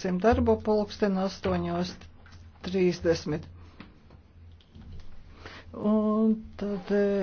Sāksim darbu pulksten 8.30. Un tad eh,